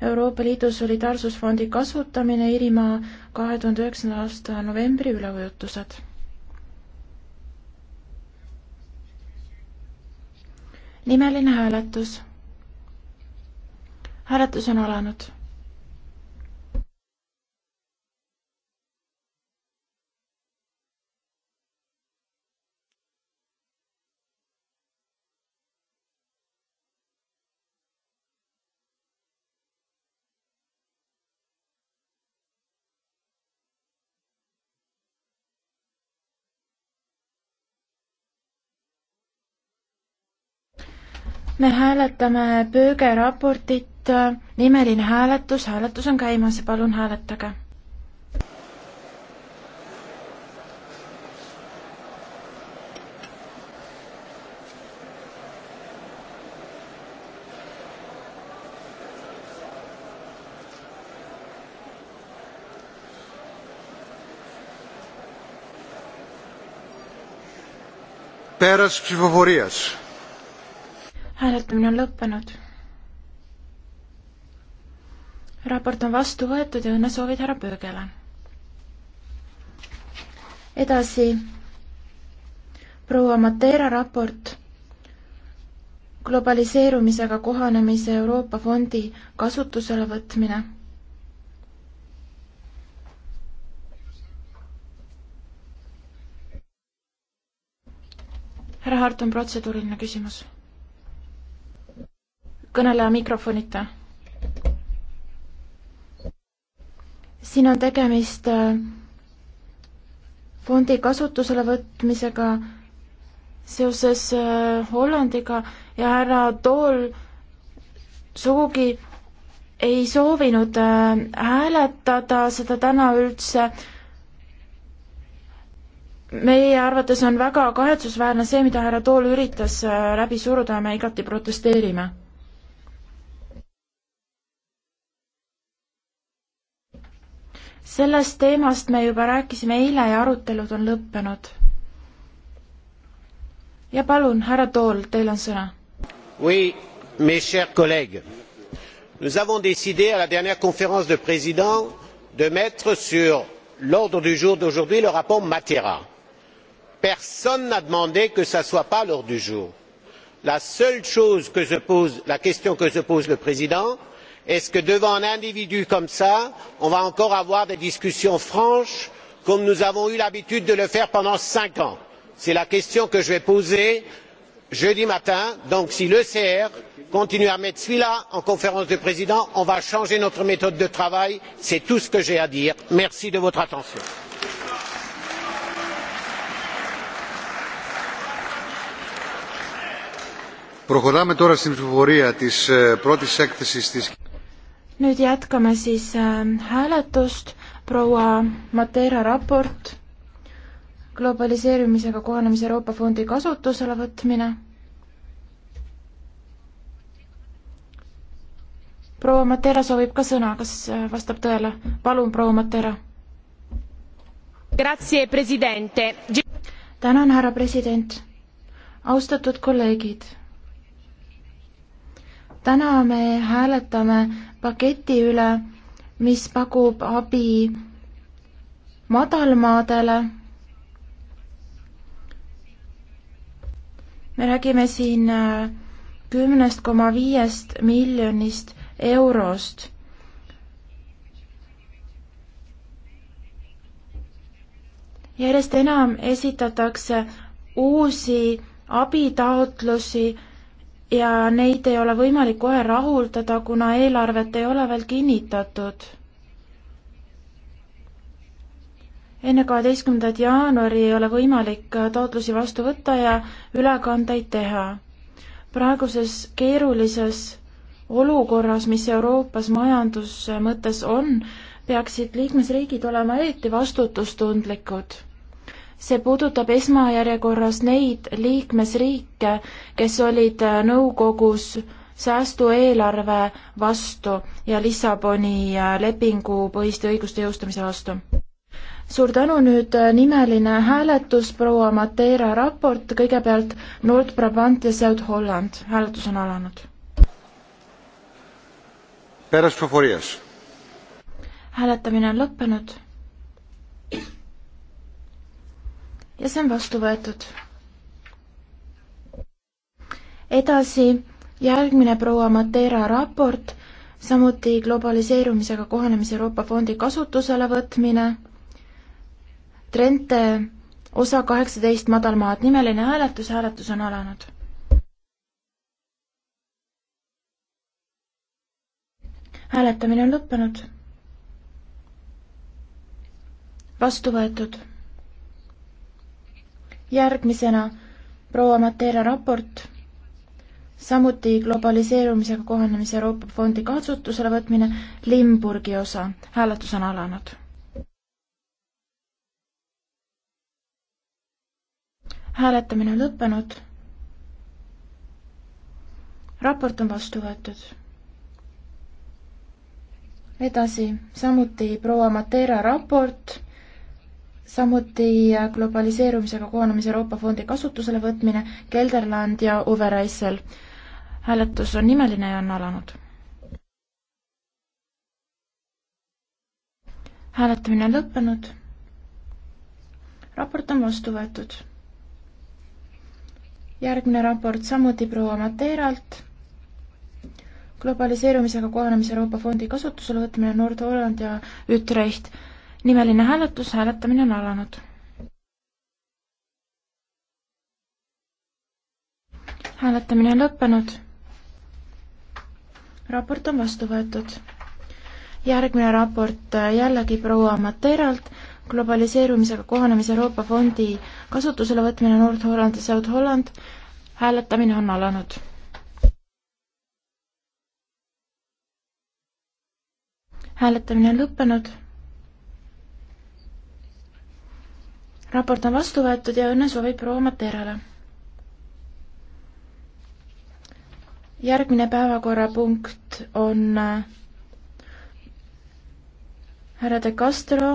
Euroopa Liidu solidaarsusfondi kasutamine Iirimaa kahe tuhande üheksanda aasta novembri üleujutused. nimeline hääletus. hääletus on alanud me hääletame Pööge raportit, nimeline hääletus, hääletus on käimas ja palun hääletage. Πέρας ψηφοφορίας hääletamine on lõppenud. raport on vastu võetud ja õnnesoovid härra Pöögele. edasi proua Matera raport globaliseerumisega kohanemise Euroopa Fondi kasutusele võtmine. härra Hart on protseduuriline küsimus kõneleja mikrofonita. siin on tegemist äh, fondi kasutusele võtmisega seoses äh, Hollandiga ja härra Tool sugugi ei soovinud äh, hääletada seda täna üldse. meie arvates on väga kahetsusväärne see, mida härra Tool üritas läbi suruda ja me igati protesteerime sellest teemast me juba rääkisime eile ja arutelud on lõppenud. ja palun, härra Tool, teil on sõna. Oui, mes chers collègues, nous avons décidé à la dernière conférence de président de mettre sur l'ordre du jour d'aujourd'hui le rapport Matera. Personne n'a demandé que ça ne soit pas l'ordre du jour. La seule chose que se pose, la question que se pose le président, est ce que devant un individu comme cela on va encore avoir des discussions franches comme nous avons eu l'habitude de le faire pendant cinq ans? c'est la question que je vais poser jeudi matin. donc si l'ecr continue à mettre celui là en conférence des présidents on va changer notre méthode de travail. c'est tout ce que j'ai à dire. merci de votre attention nüüd jätkame siis äh, hääletust, proua Matera raport, globaliseerumisega kohanemise Euroopa Fondi kasutusele võtmine. proua Matera soovib ka sõna, kas äh, vastab tõele? palun, proua Matera. tänan, härra president. austatud kolleegid täna me hääletame paketi üle, mis pakub abi madalmaadele. me räägime siin äh, kümnest koma viiest miljonist eurost. järjest enam esitatakse uusi abitaotlusi ja neid ei ole võimalik kohe rahuldada, kuna eelarvet ei ole veel kinnitatud. enne kaheteistkümnendat jaanuari ei ole võimalik taotlusi vastu võtta ja ülekandeid teha. praeguses keerulises olukorras, mis Euroopas majanduse mõttes on, peaksid liikmesriigid olema eriti vastutustundlikud see puudutab esmajärjekorras neid liikmesriike, kes olid äh, nõukogus säästueelarve vastu ja Lissaboni äh, lepingu põhiste õiguste jõustamise vastu. suur tänu, nüüd äh, nimeline hääletus, proua Mateera raport, kõigepealt Nord-Brabant ja South-Holland, hääletus on alanud. hääletamine on lõppenud ja see on vastu võetud. edasi järgmine proua Matera raport, samuti globaliseerumisega kohanemise Euroopa Fondi kasutusele võtmine, Trente osa kaheksateist madalmaad, nimeline hääletus, hääletus on alanud hääletamine on lõppenud. vastu võetud järgmisena proua Matera raport, samuti globaliseerumisega kohanemise Euroopa Fondi kasutusele võtmine, Limburgi osa, hääletus on alanud. hääletamine on lõppenud. raport on vastu võetud. edasi, samuti proua Matera raport samuti globaliseerumisega kohanemise Euroopa Fondi kasutusele võtmine, Kelderland ja Uwe Reissel. hääletus on nimeline ja on alanud. hääletamine on lõppenud. raport on vastu võetud. järgmine raport samuti proua Mateeralt. globaliseerumisega kohanemise Euroopa Fondi kasutusele võtmine Nord-Holland ja Utrecht nimeline hääletus, hääletamine on alanud. hääletamine on lõppenud. raport on vastu võetud. järgmine raport äh, jällegi proua Materalt, globaliseerumisega kohanemise Euroopa Fondi kasutusele võtmine Nord-Holland ja South-Holland, hääletamine on alanud. hääletamine on lõppenud raport on vastu võetud ja õnnesoovid proua Materjale. järgmine päevakorrapunkt on äh, härra De Castro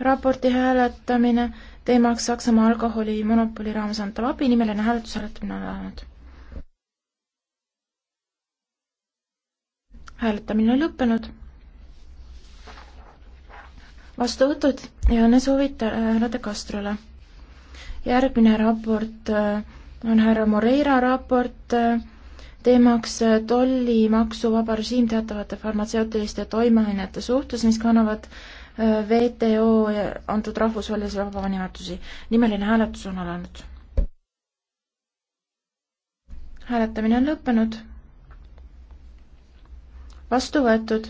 raporti hääletamine, teemaks Saksamaa alkoholimonopoli raames antav abi, nimeline hääletus hääletamine on alanud. hääletamine on lõppenud vastu võtud ja õnne soovid äh, härra De Castrole. järgmine raport äh, on härra Moreira raport, äh, teemaks tollimaksu vaba režiim teatavate farmatseutiliste toimeainete suhtes, mis kannavad WTO antud rahvusvahelisi vabanimetusi. nimeline hääletus on alanud. hääletamine on lõppenud. vastu võetud.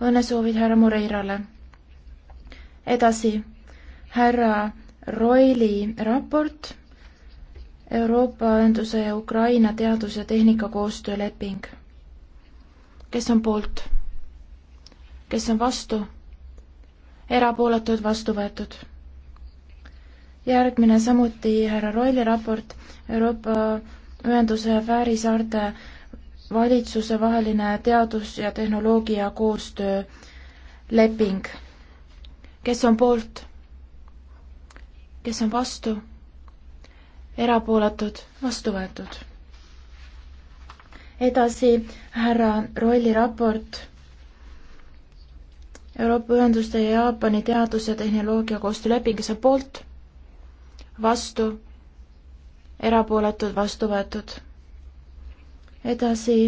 õnnesoovid härra Moreirale edasi härra Roili raport Euroopa Ühenduse ja Ukraina teadus- ja tehnikakoostööleping. kes on poolt? kes on vastu? erapooletud, vastu võetud. järgmine samuti härra Roili raport Euroopa Ühenduse ja Fääri saarte valitsuse vaheline teadus- ja tehnoloogia koostööleping kes on poolt? kes on vastu? erapooletud, vastu võetud. edasi härra Rolli raport Euroopa Ühenduste ja Jaapani teadus- ja tehnoloogiakoostöö leping, kes on poolt, vastu, erapooletud, vastu võetud. edasi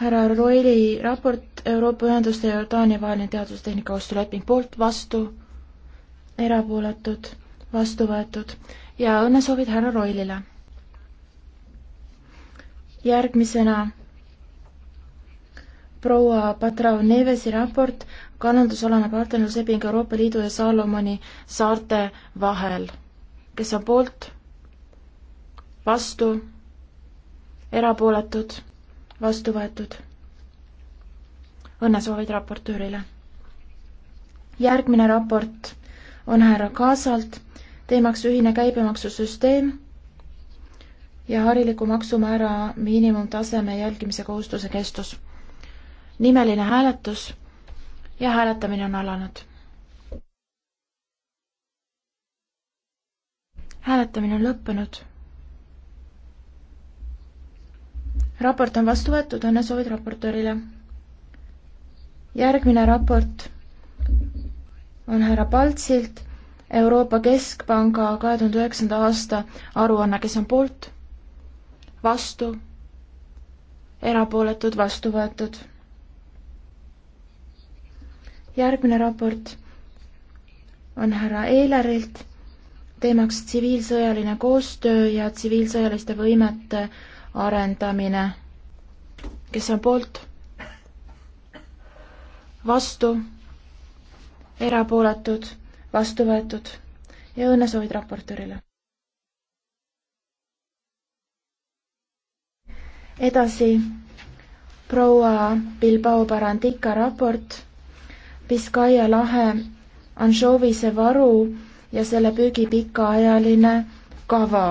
härra Roili raport Euroopa Ühenduste ja Jordaania vaheline teadustehnika ostuleping poolt vastu, erapooletud, vastu võetud ja õnnesoovid härra Roilile. järgmisena proua Patrao Nevesi raport kalandusalane partnerlusleping Euroopa Liidu ja Saalomoni saarte vahel. kes on poolt, vastu, erapooletud vastu võetud. õnnesoovid raportöörile. järgmine raport on härra Kaasalt, teemaks ühine käibemaksusüsteem ja hariliku maksumäära miinimumtaseme jälgimise kohustuse kestus. nimeline hääletus ja hääletamine on alanud. hääletamine on lõppenud raport on vastu võetud, õnnesoovid raportöörile. järgmine raport on härra Paltsilt Euroopa Keskpanga kahe tuhande üheksanda aasta aruanne, kes on poolt, vastu, erapooletud, vastu võetud. järgmine raport on härra Eilerilt, teemaks tsiviilsõjaline koostöö ja tsiviilsõjaliste võimete arendamine. kes on poolt? vastu? erapooletud? vastu võetud? ja õnnesoovid raportöörile. edasi proua Bilbao Barandika raport Biskaia lahe Anšoovise varu ja selle püügi pikaajaline kava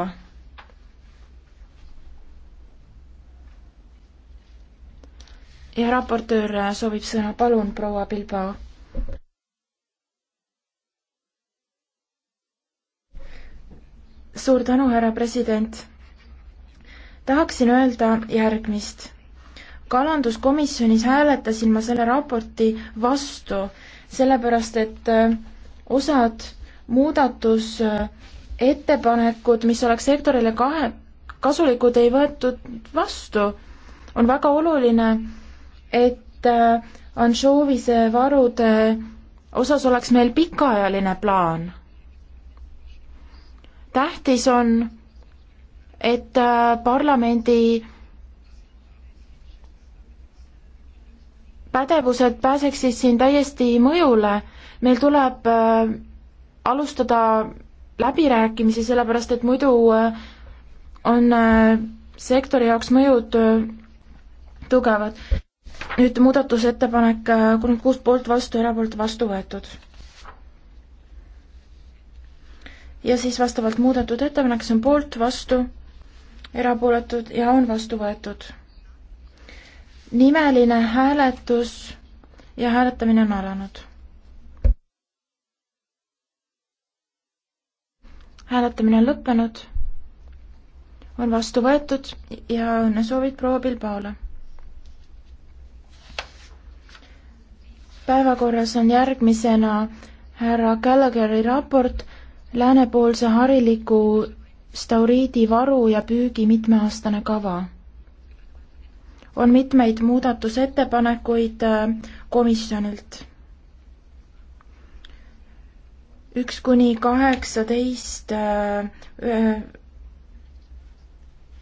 ja raportöör soovib sõna, palun, proua Bilbao. suur tänu, härra president. tahaksin öelda järgmist. kalanduskomisjonis hääletasin ma selle raporti vastu, sellepärast et äh, osad muudatusettepanekud, äh, mis oleks sektorile kahe, kasulikud, ei võetud vastu. on väga oluline et äh, anšoovise varude osas oleks meil pikaajaline plaan. tähtis on, et äh, parlamendi pädevused pääseksid siin täiesti mõjule, meil tuleb äh, alustada läbirääkimisi, sellepärast et muidu on sektori jaoks mõjud tugevad nüüd muudatusettepanek äh, kolmkümmend kuus poolt vastu, erapoolt vastu võetud. ja siis vastavalt muudetud ettepanek, see on poolt, vastu, erapooletud ja on vastu võetud. nimeline hääletus ja hääletamine on alanud. hääletamine on lõppenud, on vastu võetud ja õnnesoovid proua Bilbaole päevakorras on järgmisena härra Gallagheri raport läänepoolse hariliku stauriidi varu ja püügi mitmeaastane kava. on mitmeid muudatusettepanekuid äh, komisjonilt. üks kuni kaheksateist äh,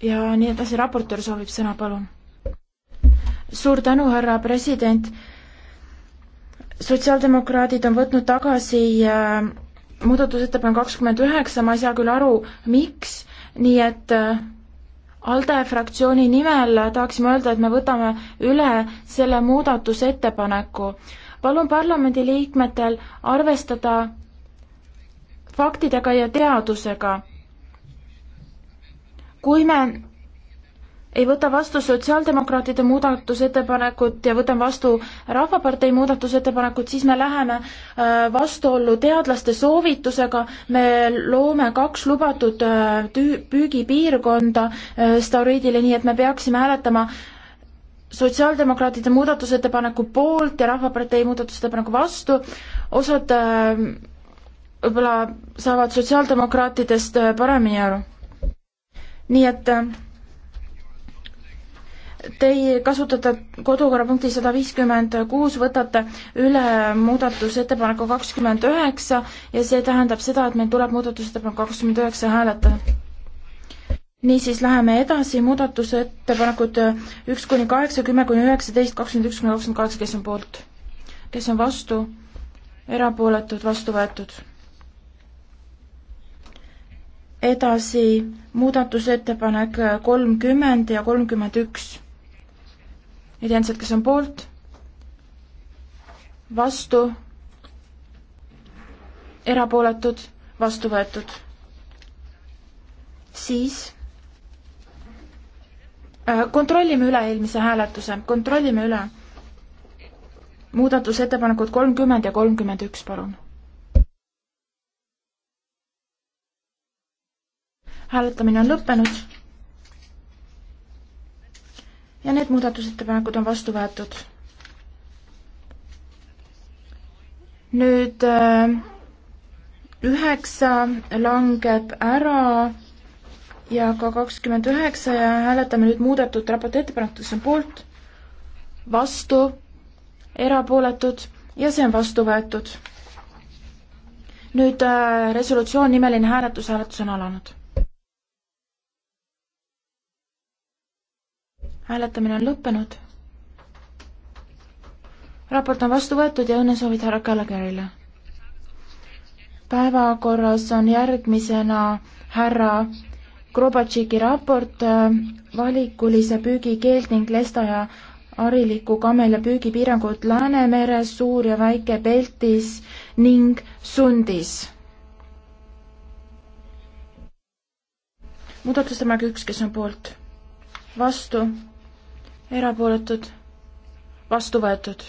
ja nii edasi, raportöör soovib sõna, palun. suur tänu, härra president sotsiaaldemokraadid on võtnud tagasi äh, muudatusettepanek kakskümmend üheksa, ma ei saa küll aru, miks, nii et äh, ALDE fraktsiooni nimel tahaksime öelda, et me võtame üle selle muudatusettepaneku. palun parlamendiliikmetel arvestada faktidega ja teadusega. kui me ei võta vastu sotsiaaldemokraatide muudatusettepanekut ja võtan vastu Rahvapartei muudatusettepanekut, siis me läheme äh, vastuollu teadlaste soovitusega, me loome kaks lubatud äh, tüü-, püügipiirkonda äh, stauriidile, nii et me peaksime hääletama sotsiaaldemokraatide muudatusettepaneku poolt ja Rahvapartei muudatusettepaneku vastu, osad võib-olla saavad sotsiaaldemokraatidest paremini aru. nii et Teie kasutate kodukorrapunkti sada viiskümmend kuus, võtate üle muudatusettepaneku kakskümmend üheksa ja see tähendab seda, et meil tuleb muudatusettepanek kakskümmend üheksa hääletada. niisiis, läheme edasi, muudatusettepanekud üks kuni kaheksa, kümme kuni üheksateist, kakskümmend üks kuni kakskümmend kaheksa, kes on poolt? kes on vastu? erapooletud, vastu võetud. edasi muudatusettepanek kolmkümmend ja kolmkümmend üks identsed, kes on poolt, vastu, erapooletud, vastu võetud. siis äh, kontrollime üle eelmise hääletuse, kontrollime üle. muudatusettepanekud kolmkümmend ja kolmkümmend üks, palun. hääletamine on lõppenud ja need muudatusettepanekud on vastu võetud. nüüd äh, üheksa langeb ära ja ka kakskümmend üheksa ja hääletame nüüd muudetud raporti ettepanekut, kes on poolt, vastu, erapooletud ja see on vastu võetud. nüüd äh, resolutsioon nimeline hääletus, hääletus on alanud hääletamine on lõppenud. raport on vastu võetud ja õnnesoovid härra Gallagherile. päevakorras on järgmisena härra Krobatšiki raport äh, valikulise püügi keeld ning lesta ja hariliku kamele püügipiirangud Läänemeres, Suur- ja Väike-Peltis ning Sundis. muudatusettepanek üks, kes on poolt? vastu erapooletud, vastu võetud.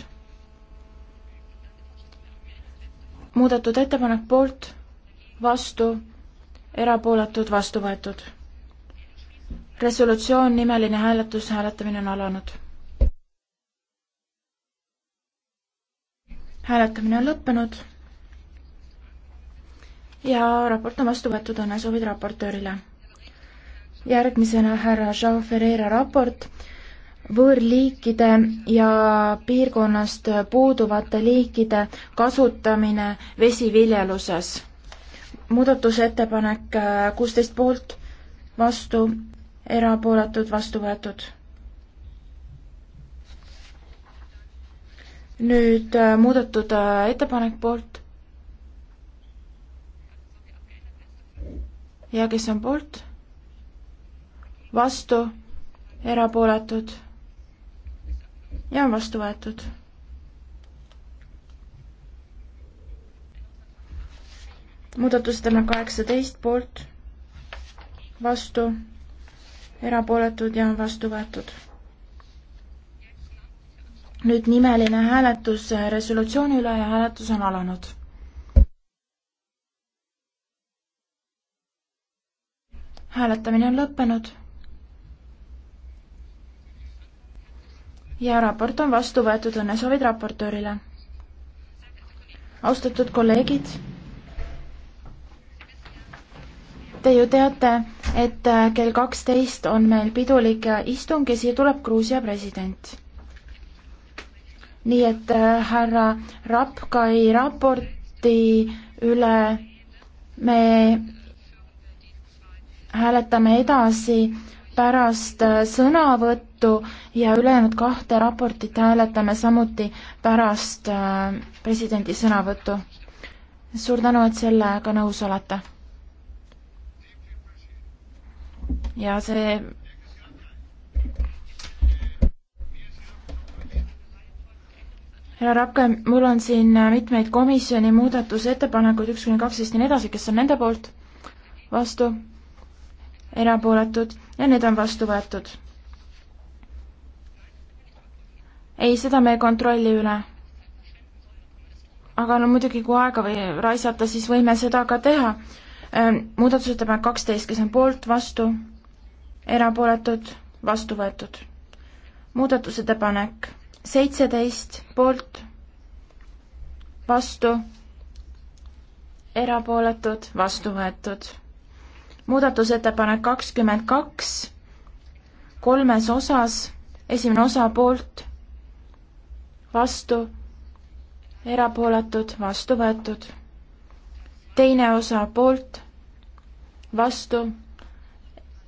muudetud ettepanek poolt, vastu, erapooletud, vastu võetud. resolutsioon, nimeline hääletus, hääletamine on alanud. hääletamine on lõppenud ja raport on vastu võetud, õnnesoovid raportöörile. järgmisena härra Jean Ferreira raport võõrliikide ja piirkonnast puuduvate liikide kasutamine vesiviljeluses. muudatusettepanek äh, kuusteist poolt, vastu, erapooletud, vastu võetud. nüüd äh, muudetud äh, ettepanek poolt. ja kes on poolt? vastu erapooletud ja on vastu võetud. muudatustel on kaheksateist poolt, vastu, erapooletud ja on vastu võetud. nüüd nimeline hääletus resolutsiooni üle ja hääletus on alanud hääletamine on lõppenud ja raport on vastu võetud, õnnesoovid raportöörile. austatud kolleegid, te ju teate, et äh, kell kaksteist on meil pidulik äh, istung ja siia tuleb Gruusia president. nii et äh, härra Rapkai raporti üle me hääletame edasi pärast äh, sõnavõttu ja ülejäänud kahte raportit hääletame samuti pärast äh, presidendi sõnavõttu. suur tänu, et sellega nõus olete. ja see härra Rapke, mul on siin äh, mitmeid komisjoni muudatusettepanekuid, üks kuni kaksteist ja nii edasi, kes on nende poolt? vastu? erapooletud ja need on vastu võetud. ei, seda me ei kontrolli üle. aga no muidugi, kui aega või raisata, siis võime seda ka teha. Ähm, muudatusettepanek kaksteist, kes on poolt, vastu, erapooletud, vastu võetud. muudatusettepanek seitseteist, poolt, vastu, erapooletud, vastu võetud muudatusettepanek kakskümmend kaks, kolmes osas, esimene osa poolt, vastu, erapooletud, vastu võetud. teine osa poolt, vastu,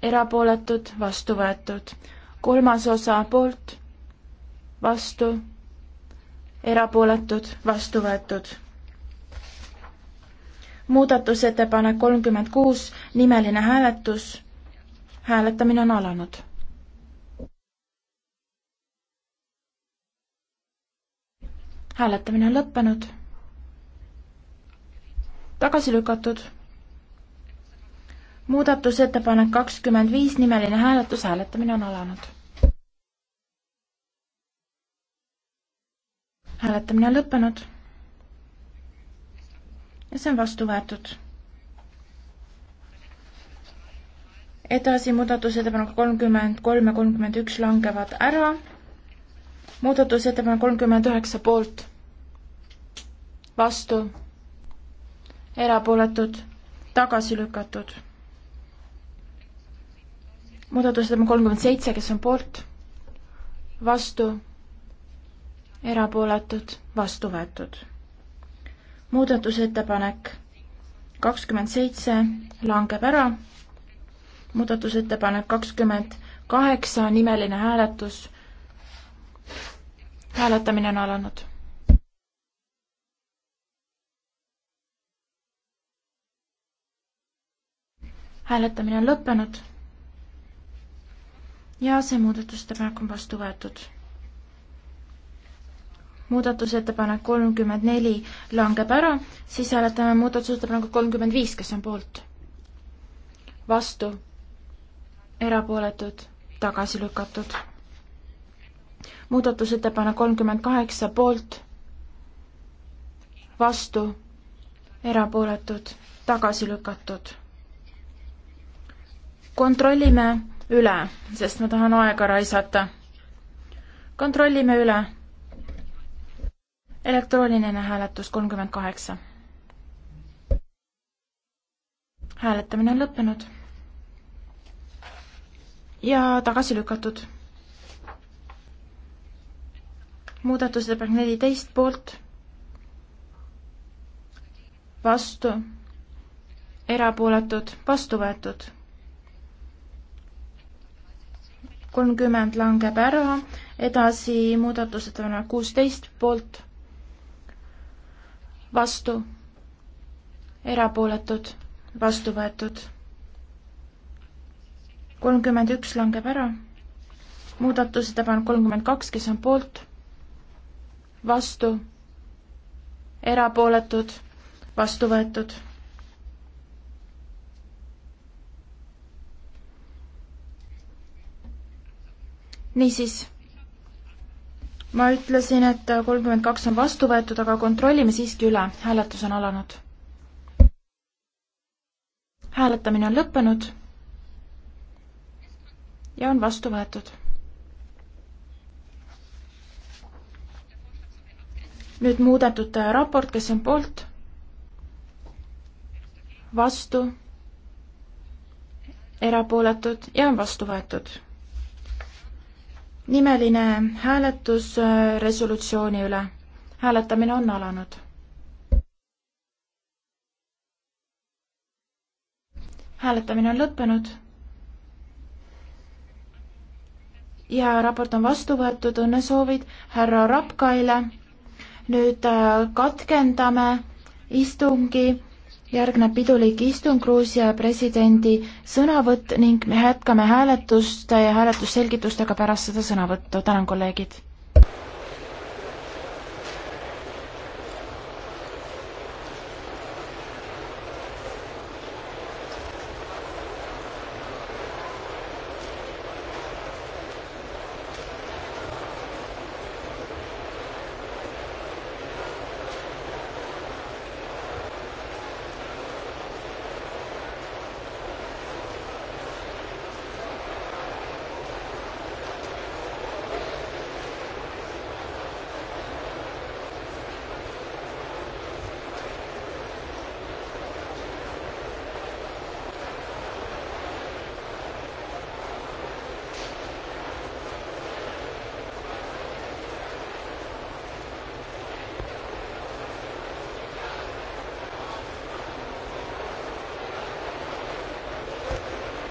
erapooletud, vastu võetud. kolmas osa poolt, vastu, erapooletud, vastu võetud muudatusettepanek kolmkümmend kuus, nimeline hääletus. hääletamine on alanud. hääletamine on lõppenud. tagasi lükatud. muudatusettepanek kakskümmend viis, nimeline hääletus, hääletamine on alanud. hääletamine on lõppenud ja see on vastu võetud. edasi muudatusettepanek kolmkümmend kolm ja kolmkümmend üks langevad ära. muudatusettepanek kolmkümmend üheksa poolt, vastu, erapooletud, tagasi lükatud. muudatusettepanek kolmkümmend seitse, kes on poolt, vastu, erapooletud, vastu võetud muudatusettepanek kakskümmend seitse langeb ära, muudatusettepanek kakskümmend kaheksa, nimeline hääletus, hääletamine on alanud hääletamine on lõppenud ja see muudatusettepanek on vastu võetud muudatusettepanek kolmkümmend neli langeb ära, siis hääletame muudatusettepanekut kolmkümmend viis, kes on poolt. vastu, erapooletud, tagasi lükatud. muudatusettepanek kolmkümmend kaheksa poolt, vastu, erapooletud, tagasi lükatud. kontrollime üle, sest ma tahan aega raisata. kontrollime üle elektrooniline hääletus kolmkümmend kaheksa. hääletamine on lõppenud ja tagasi lükatud. muudatusettepanek neliteist poolt, vastu, erapooletud, vastu võetud. kolmkümmend langeb ära, edasi muudatusettepanek kuusteist poolt vastu, erapooletud, vastu võetud. kolmkümmend üks langeb ära, muudatusettepanek kolmkümmend kaks, kes on poolt, vastu, erapooletud, vastu võetud. niisiis ma ütlesin, et kolmkümmend kaks on vastu võetud, aga kontrollime siiski üle. hääletus on alanud. hääletamine on lõppenud ja on vastu võetud. nüüd muudetud raport, kes on poolt, vastu, erapooletud ja on vastu võetud nimeline hääletus äh, resolutsiooni üle. hääletamine on alanud. hääletamine on lõppenud. ja raport on vastu võetud, õnnesoovid härra Rapkaile. nüüd äh, katkendame istungi järgneb pidulik istung Gruusia presidendi sõnavõtt ning me jätkame hääletuste ja hääletusselgitustega pärast seda sõnavõttu. tänan, kolleegid!